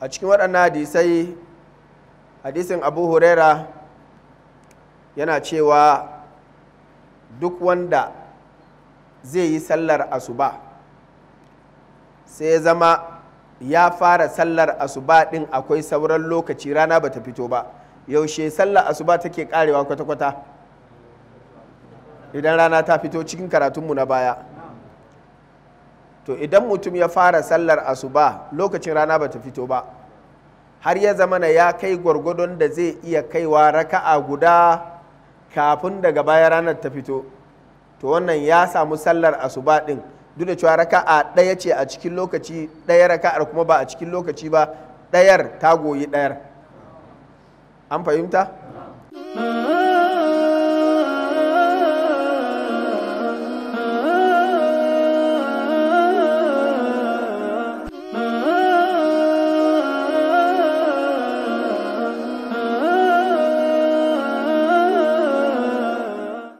a cikin waɗannan hadisai hadisin abu huraira yana cewa duk wanda zai yi sallar asuba sai ya zama ya fara sallar asuba ɗin akwai sauran lokaci rana bata fito ba yaushe sallar asuba take karewa kwata-kwata idan rana ta fito cikin karatunmu na baya to idan mutum ya fara sallar asuba lokacin rana ba ta fito ba har ya zama na ya kai gwargwadon da zai iya kaiwa raka'a guda kafin daga baya ranar ta fito to wannan ya samu sallar asuba din, duk da cewa raka'a ɗaya ce a cikin lokaci ɗaya raka'ar kuma ba a cikin lokaci ba ɗayar ta goyi ɗayar an fahimta? Ah.